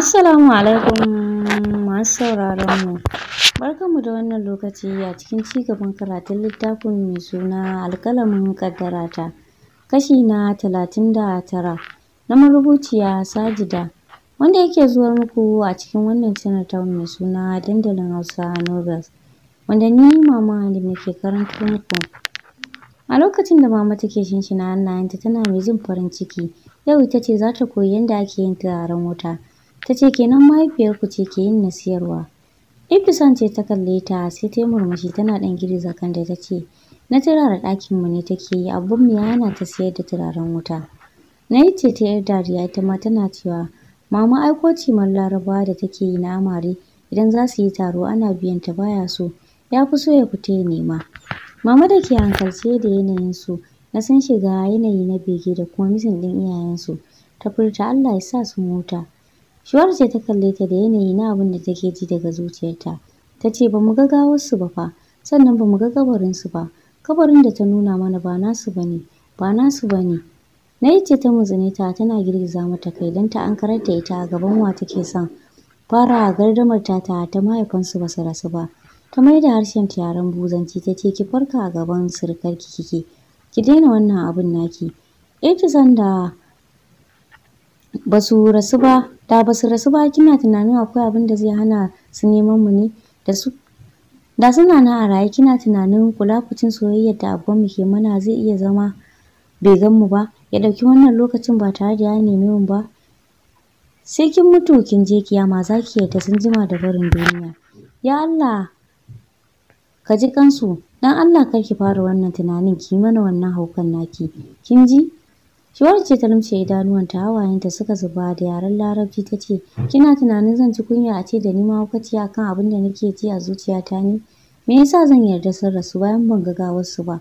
Assalamu alaikum masu sauraron mu. Barkanmu da wannan lokaci a cikin cigaban karatun littafin mai suna alƙalamin ƙaddarata kashi na talatin da tara na marubuciya Sajida wanda yake zuwa muku a cikin wannan channel mai suna dandalin Hausa Novels wanda ni mama da nake karanto muku. A lokacin da mama take shinshina hannayenta tana mai jin farin ciki yau ita ce za ta koyi yadda ake yin turaren wuta. ta ce kenan mahaifiyarku ce ke yin nasiyarwa ibtisan ce ta kalle ta sai ta yi murmushi tana ɗan girgiza kan da ta ce na turara mu ne take yi abun mu ya hana ta siyar da turaren wuta na yi ce ta yar dariya ita ma tana cewa mama aiko cimar larabawa da take yi na amare idan za su yi taro ana biyan ta baya so ya fi so ya fita ya nema mama da ke hankalce da yanayinsu na san shiga yanayi na bege da kuma misin ɗin iyayensu ta furta allah ya sa su mota Shuwar ce ta kalle ta da yanayi na abin da take ji daga zuciyarta. Ta ce ba mu ga gawarsu ba fa, sannan ba mu ga kabarinsu ba. Kabarin da ta nuna mana ba nasu ba ne, ba nasu ba ne. Na yi ce ta muzune ta tana girgiza mata kai don ta ankarar da ita a gaban wa take son fara gardamar ta ta ta mahaifansu ba su rasu ba. Ta mai da harshen ta yaren buzanci ta ce ki farka a gaban surukarki kike, ki daina wannan abin naki. Ita eh, sanda ba rasu ba da basu rasu ba kina tunanin akwai abin da zai hana su neman mu ne da su da suna nan a raye kina tunanin kula kucin soyayyar da abban mu ke mana zai iya zama bai gan mu ba ya ɗauki wannan lokacin ba tare da ya nemi mu ba sai kin mutu kin je kiyama za ki yarda sun jima da barin duniya ya Allah ka ji kansu dan Allah kar ki fara wannan tunanin ki mana wannan haukan naki kin ji Shiwar ce ta ta idanuwanta hawayenta suka zuba da yaren larabci ta ce, Kina tunanin zan ci kunya a ce da ni a kan abin da nake ji a zuciyata ne? Me yasa zan yarda sun rasu bayan ban ga gawarsu ba?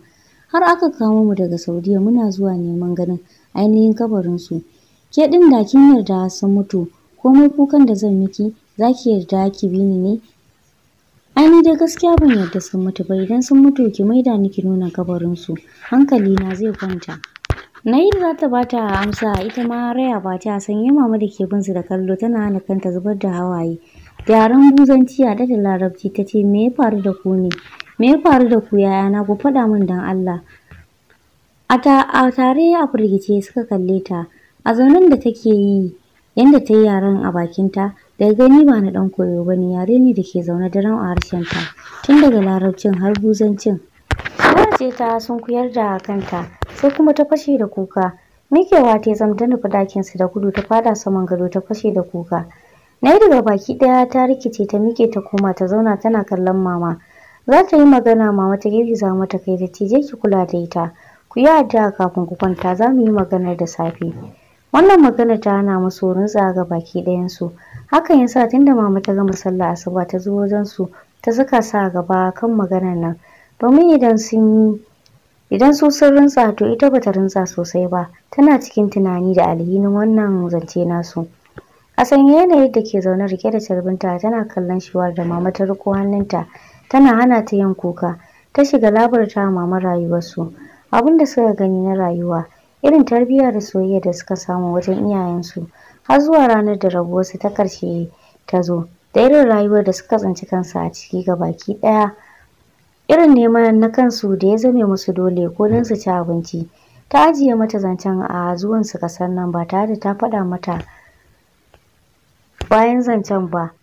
Har aka kamo mu daga Saudiya muna zuwa neman ganin ainihin kabarinsu. Ke ɗin da kin yarda sun mutu, komai kukan da zan miki za ki yarda ki bi ni ne? Ai ni gaskiya ban yarda sun mutu ba idan sun mutu ki maida ni ki nuna Hankali na zai kwanta. Nair za ta bata amsa ita ma raya ba ta yi mama da ke bin su da kallo tana hana kanta zubar da hawaye. Yaren buzanci a da larabci ta ce me ya faru da ku ne? Me ya faru da ku na? ku faɗa min don Allah. A tare a firgice suka kalle ta a zaunin da take yi yadda ta yi yaren a bakinta da gani ba na ɗan koyo ba ne yare ne da ke zaune daren a harshen ta. tun daga larabcin har buzancin. ce ta sunkuyar da kanta sai kuma ta fashe da kuka mikewa ta zam ta nufi dakinsu da gudu ta fada saman gado ta fashe da kuka na yi daga baki ɗaya ta rikice ta mike ta koma ta zauna tana kallon mama za ta yi magana mama ta girgiza mata kai da je ki kula da ita ku yi addu'a kafin ku kwanta za mu yi maganar da safe wannan magana ta hana musu wurin ga baki ɗayansu hakan yasa tunda mama ta gama sallah asuba ta zo wajen su ta saka sa gaba kan maganar nan domin idan sun yi idan su sun rintsa to ita bata rinsa sosai ba tana cikin tunani da alhinin wannan zance nasu a sanya yanayin da ke zaune rike da carbinta tana kallon shiwar da mama ta riko hannunta tana hana ta yin kuka ta shiga labarta mama rayuwarsu abin da suka gani na rayuwa irin tarbiyya da soyayya da suka samu wajen iyayensu har zuwa ranar da rabuwarsu ta karshe ta zo da irin rayuwar da suka tsinci kansu a ciki ga baki ɗaya irin neman na kansu da ya zame musu dole ko don su ci abinci ta ajiye mata zancen a zuwan su kasar nan ba tare da ta faɗa mata bayan zancen ba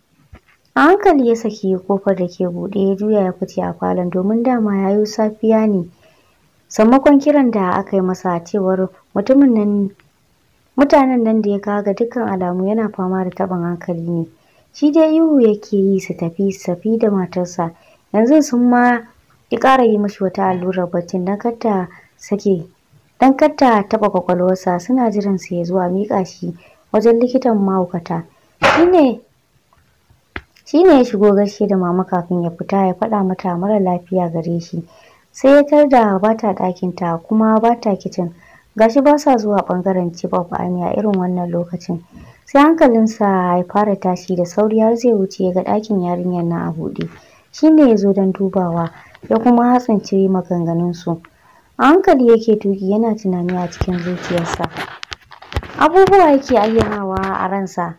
a hankali ya saki kofar da ke buɗe ya juya ya fice a falon domin dama ya yi safiya ne sammakon kiran da aka yi masa cewar mutumin nan mutanen nan da ya kawo ga dukkan alamu yana fama da taɓin hankali ne shi dai ihu yake yi su tafi su tafi da matarsa yanzu sun ma ki ƙara yi mishi wata allurar baccin dan kar ta sake dan taba kwakwalwarsa suna jiran sa ya zuwa a miƙa shi wajen likitan mahaukata shine shine ya shigo gaske da mama kafin ya fita ya faɗa mata mara lafiya gare shi sai ya tarda ba ta ɗakinta kuma ba ta kicin gashi ba sa zuwa ɓangaren cibab a irin wannan lokacin sai hankalinsa ya fara tashi da sauri har zai wuce ya ga ɗakin yarinyar na a buɗe shine ya zo don dubawa ya kuma hatsance maganganunsu. A hankali yake tuƙi yana tunani a cikin zuciyarsa. Abubuwa yake ayyanawa a ransa.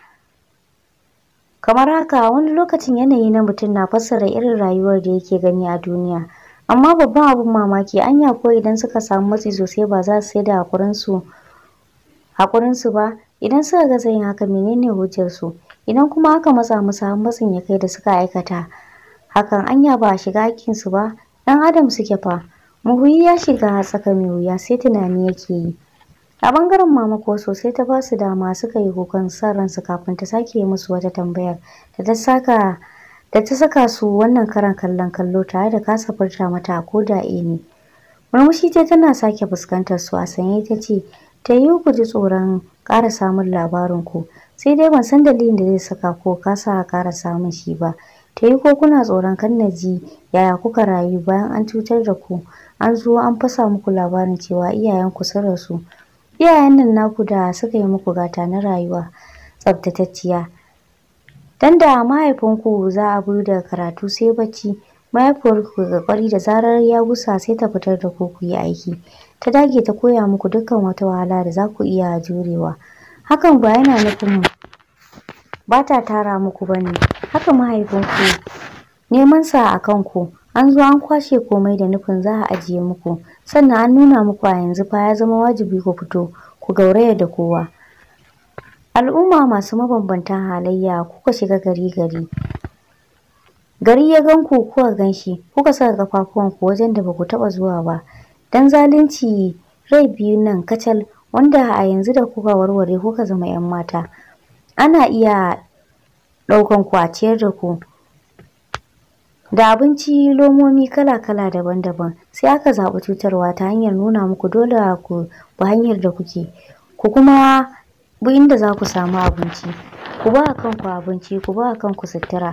Kamar haka wani lokacin yanayi na mutum na fassara irin rayuwar da yake gani a duniya. Amma babban abin mamaki anya ko idan suka samu matsi sosai ba za su sai da haƙurinsu haƙurinsu ba idan suka ga yi haka menene hujjarsu idan kuma aka matsa musu har matsin ya kai da suka aikata hakan anya ba a shiga su ba Dan adam suke fa muhuyi ya shiga tsaka mai wuya sai tunani yake yi a bangaren mama ko sosai ta basu su dama suka yi kokon san ransu kafin ta sake musu wata tambayar da ta saka da ta saka su wannan karan kallon kallo tare da kasa furta mata ko da e ne murmushi ta tana sake fuskantar su a sanye ta ce ta yi ku ji tsoron ƙara samun labarin ku sai dai ban san dalilin da zai saka ko kasa ƙara samun shi ba ta yi ko kuna tsoron kan na ji yaya kuka rayu bayan an cutar da ku an zo an fasa muku labarin cewa iyayenku sun rasu iyayen nan naku da suka yi muku gata na rayuwa tsabtatacciya dan da mahaifinku za a buru daga karatu sai bacci mahaifiyarku ga kwari da zarar ya gusa sai ta fitar da ku ku yi aiki ta dage ta koya muku dukkan wata wahala da za ku iya jurewa hakan ba yana nufin ba ta tara muku ba ne haka mahaifinku neman sa a kanku an zo an kwashe komai da nufin za a ajiye muku sannan an nuna muku a yanzu fa ya zama wajibi ku fito ku gauraya da kowa al'umma masu mabambantan halayya kuka shiga gari gari gari ya gan ku kuka gan shi kuka saka kafafuwanku wajen da baku ku taɓa zuwa ba dan zalunci rai biyu nan kacal wanda a yanzu da kuka warware kuka zama 'yan mata ana iya ɗaukan kwaciyar da ku da abinci lomomi kala-kala daban-daban sai aka zaɓi cutarwa ta hanyar nuna muku dole ku bi hanyar da kuke ku kuma bi inda za ku samu abinci ku ba kanku abinci ku ba kanku sutura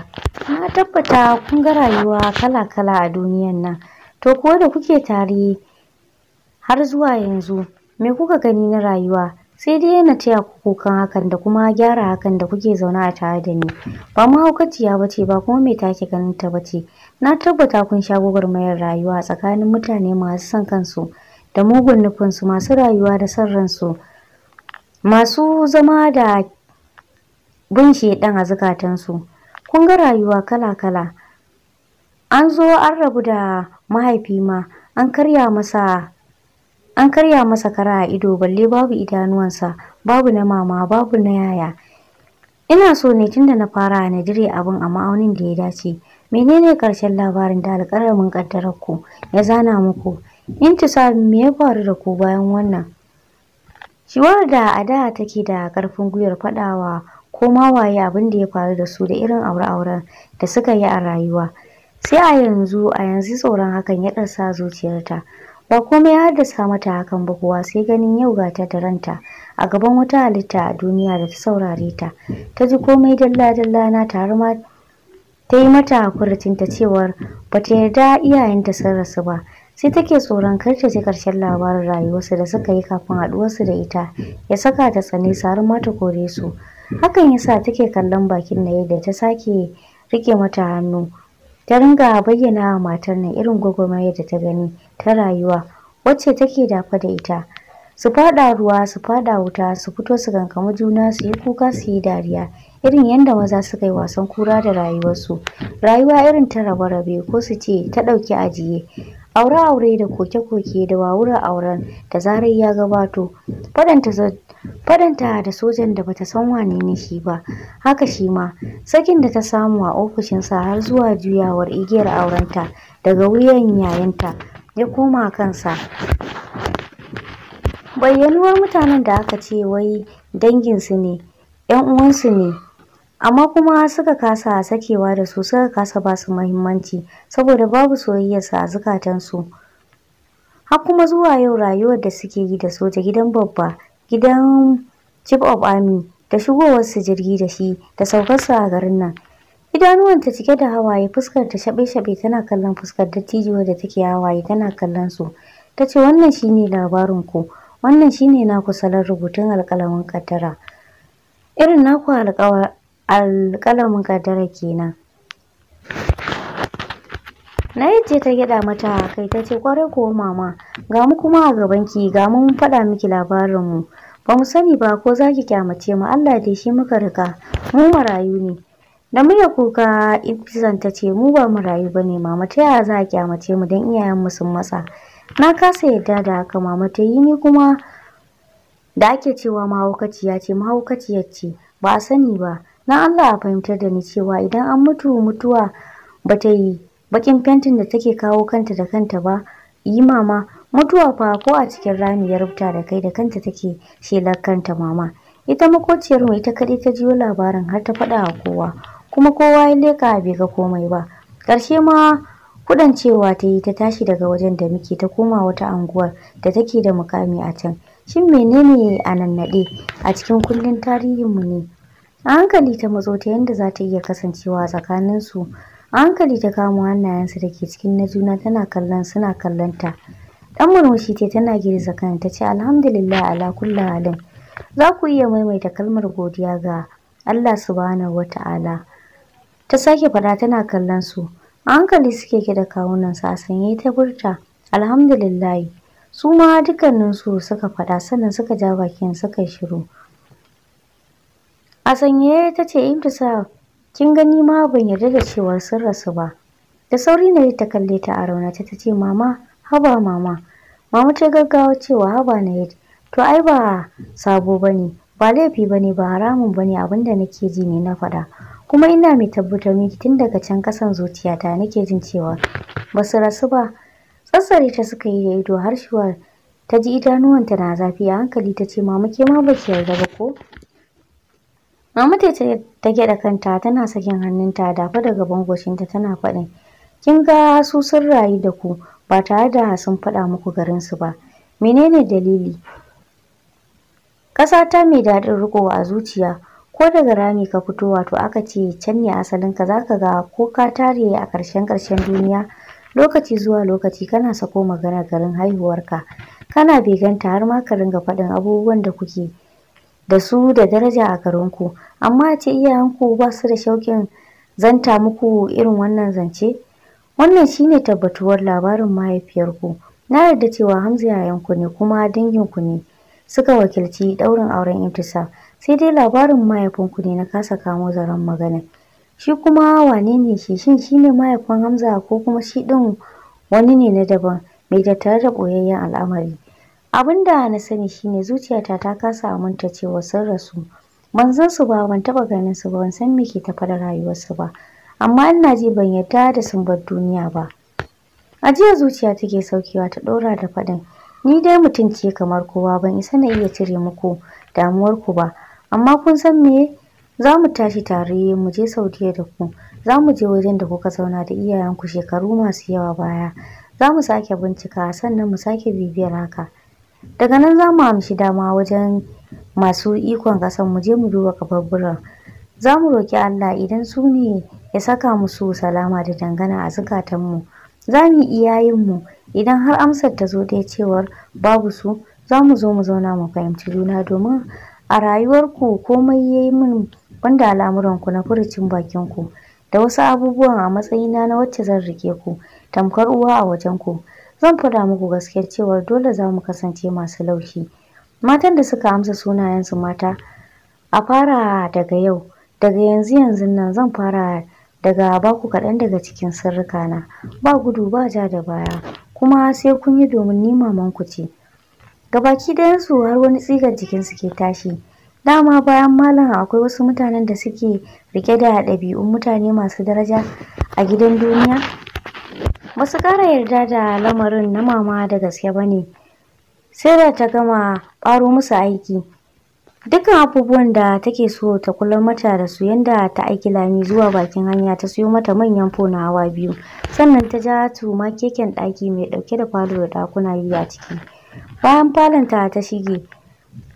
na tabbata kun ga rayuwa kala-kala a duniyan nan to kuwa da kuke tare har zuwa yanzu me kuka gani na rayuwa sai dai yana taya ku kukan hakan da kuma gyara hakan da kuke zaune a tare da ni ba mahaukaciya ba ce ba kuma mai take ganin ta ba ce na tabbata kun sha gwagwarmayar rayuwa tsakanin mutane masu son kansu da mugun nufinsu masu rayuwa da son ransu masu zama da bin shedan a zukatansu kun ga rayuwa kala-kala an zo an rabu da mahaifi ma an karya masa an karya masa kara a ido balle babu idanuwansa babu na mama babu na yaya ina so ne tunda na fara na jire abin a ma'aunin da ya dace menene karshen labarin da alƙalamin ƙaddarar ku ya zana muku In intisa me ya faru da ku bayan wannan shiwar da a da take da ƙarfin gwiwar faɗawa ko ma waye abin da ya faru da su da irin aure-auren da suka yi a rayuwa sai a yanzu a yanzu tsoron hakan ya ɗarsa zuciyarta ba komai ya haddasa mata hakan ba kuwa sai ganin yau ga ta da a gaban wata halitta a duniya da ta saurare ta ta ji komai dalla dalla na tare ma ta yi mata hakuratin ta cewar ba ta yarda iyayenta sun rasu ba sai take tsoron kar ta ji karshen labarin rayuwarsu da suka yi kafin haɗuwarsu da ita ya saka ta tsane sarin ma ta kore su hakan yasa take kallon bakin na yadda ta sake rike mata hannu ta ringa bayyana wa matar nan irin gwagwarmayar da ta gani ta rayuwa wacce take dafa da ita su fada ruwa su fada wuta su fito su gankama juna su yi kuka su yi dariya irin yadda maza suka yi wasan kura da rayuwarsu rayuwa irin ta rabe-rabe ko su ce ta ɗauki ajiye aure-aure da koke-koke da wawura auren da zarar ya gabato fadanta da sojan da bata san wane ne shi ba haka shi ma sakin da ta samu a ofishinsa har zuwa juyawar igiyar aurenta daga wuyan yayanta ya koma kansa bayyanuwar mutanen da aka ce wai danginsu ne 'yan uwansu ne amma kuma suka kasa a sakewa da su suka kasa ba su muhimmanci saboda babu soyayyarsa a zukatansu har kuma zuwa yau rayuwar da suke yi da soja gidan babba gidan chief of army da shigowarsu jirgi da shi da saukarsu a garin nan idanuwanta cike da hawaye fuskar ta shabe-shabe tana kallon fuskar dattijuwar da take hawaye tana kallon su ta ce wannan shine labarin ku wannan shine naku salon rubutun alƙalamin kaddara irin naku alƙawa alƙalamin kaddara kenan na ce ta gyaɗa mata kai ta ce kwarai ko mama ga mu kuma a gabanki ga mu mun faɗa miki labarinmu ba mu sani ba ko za ki kyamace mu Allah dai shi muka riga mu marayu ne da muya kuka ibizan ta ce mu ba marayu ba ne mama ta yaya za a kyamace mu don iyayenmu sun matsa na kasa yadda da haka mama ta yi ni kuma da ake cewa mahaukaciya ce mahaukaciyar ce ba a sani ba na Allah a fahimtar da ni cewa idan an mutu mutuwa ba ta yi bakin fentin da take kawo kanta da kanta ba yi mama mutuwa fa ko a cikin rami ya rubuta da kai da kanta take shelar kanta mama ita makociyar mu ita kaɗai ta jiyo labarin har ta faɗa a kowa kuma kowa ya leka bai ga komai ba ƙarshe ma kudan cewa ta yi ta tashi daga wajen da muke ta koma wata anguwar da take da mukami a can shin menene a nannaɗe a cikin kundin tarihinmu ne a hankali ta matso ta yadda za ta iya kasancewa tsakanin su hankali ta kamo hannayensu da ke cikin na juna tana kallon suna kallon ta dan murmushi ce tana girza kan ta ce alhamdulillah ala kulli halin za ku iya maimaita kalmar godiya ga Allah subhanahu wata'ala ta sake fada tana kallon su hankali suke da kawunan sa sanye ta burta alhamdulillah su ma dukkaninsu suka fada sannan suka ja bakin suka shiru A sanye ta ce sa kin gani ma ban yarda da cewar sun rasu ba. Da sauri na yi ta kalle ta a rauna ta ce mama, haba mama. Mama ta gaggawa cewa haba na yi. To ai ba sabo ba ne, ba laifi ba ne, ba haramun ba ne, abinda nake ji ne na faɗa. Kuma ina mai tabbatar miki tun daga can kasan zuciyata nake jin cewa ba su rasu ba. Tsatsare ta suka yi da ido har shuwar ta ji idanuwanta na zafi a hankali ta ce mama ke ma ba ki yarda ba ko? Mama ta ce ta gyaɗa kanta tana sakin hannunta dafa daga bangoshinta tana faɗin. Kin ga su sun rayu da ku ba tare da sun faɗa muku garinsu ba. Menene dalili? Ƙasa mai daɗin riƙo a zuciya ko daga rami ka fito wato aka ce can ne asalinka za ka ga ko ka tare a ƙarshen ƙarshen duniya lokaci zuwa lokaci kana sako maganar garin haihuwarka kana beganta har ma ka ringa faɗin abubuwan da kuke da su da daraja a garinku amma a ce iyayenku ba su da shauƙin zanta muku irin wannan zance wannan shine tabbatuwar labarin mahaifiyarku na yarda cewa hamza yayanku ne kuma danginku ne suka wakilci ɗaurin auren intisa sai dai labarin mahaifinku ne na kasa kamo zaren magana shi kuma wane ne shi shin shi ne mahaifin hamza ko kuma shi ɗin wani ne na daban mai tattare da ɓoyayyen al'amari abin da na sani shine zuciyata ta kasa aminta cewa sun rasu manzon su ba ban taba ganin su ba ban san me ke tafa da rayuwarsu ba amma ina ji ban yarda da sun bar duniya ba A ajiya zuciya take saukewa ta ɗora da faɗin ni dai mutum ce kamar kowa ban isa na iya cire muku damuwarku ba amma kun san me za mu tashi tare mu je saudiya da ku za mu je wajen da kuka zauna da iyayenku shekaru masu yawa baya za mu sake bincika sannan mu sake bibiyar haka daga nan za mu amshi dama wajen masu ikon ƙasar mu je mu duba kaburburan za mu roƙi Allah idan su ne ya saka musu salama da dangana a zukatanmu za mu yi mu idan har amsar ta zo dai cewar babu su za mu zo mu zauna mu fahimci juna domin a rayuwarku komai ya yi min banda al'amuranku na furucin bakinku da wasu abubuwan a matsayina na wacce zan rike ku tamkar uwa a wajen ku. zan faɗa muku gaskiyar cewa dole za mu kasance masu laushi matan da suka amsa sunayen su mata a fara daga yau daga yanzu yanzu nan zan fara daga baku kaɗan daga cikin sirrika na, ba gudu ba ja da baya kuma sai kun yi domin ni mamanku ce gabaki ɗayansu har wani tsigar jikinsu ke tashi dama bayan malam akwai wasu mutanen da suke rike da ɗabi'un mutane masu daraja a gidan duniya ba su ƙara yarda da lamarin na mama da gaske ba ne sai da ta gama ƙaro musu aiki dukkan abubuwan da take so ta kula mata da su yanda ta aiki lami zuwa bakin hanya ta siyo mata manyan fona hawa biyu sannan ta ja tuma keken ɗaki mai ɗauke da falo da ɗakuna yi a ciki bayan falonta ta shige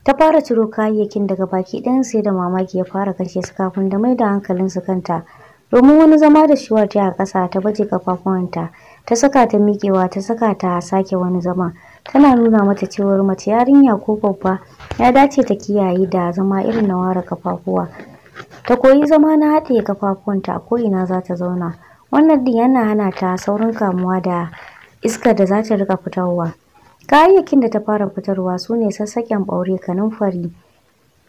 ta fara ciro kayayyakin daga baki ɗayan sai da mamaki ya fara kashe su kafin da mai da hankalinsu kanta domin wani zama da shiwar ta a ƙasa ta baje kafafuwanta ta saka ta miƙewa ta saka ta sake wani zama tana nuna mata cewar mace yarinya ko babba ya dace ta kiyaye da zama irin na ware kafafuwa ta koyi zama na haɗe kafafuwanta a ko'ina za ta zauna wannan din yana hana ta saurin kamuwa da iskar da za ta riƙa fitarwa kayayyakin da ta fara fitarwa su ne sassaƙen ɓaure kanunfari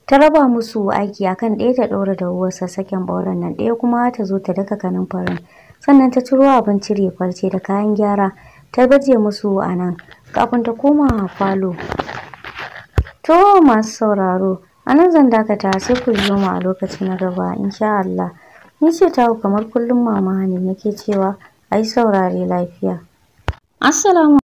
ta raba musu aiki akan ɗaya ta ɗora da ruwa sassaken ɓauren nan ɗaya kuma ta zo ta daka kanunfarin sannan ta ciro abin cire kwalce da kayan gyara ta baje musu a nan kafin ta koma falo to masu sauraro a nan zan dakata sai ku yi a lokaci na gaba insha Allah ni ce ta kamar kullum mama ne nake cewa ai saurare lafiya assalamu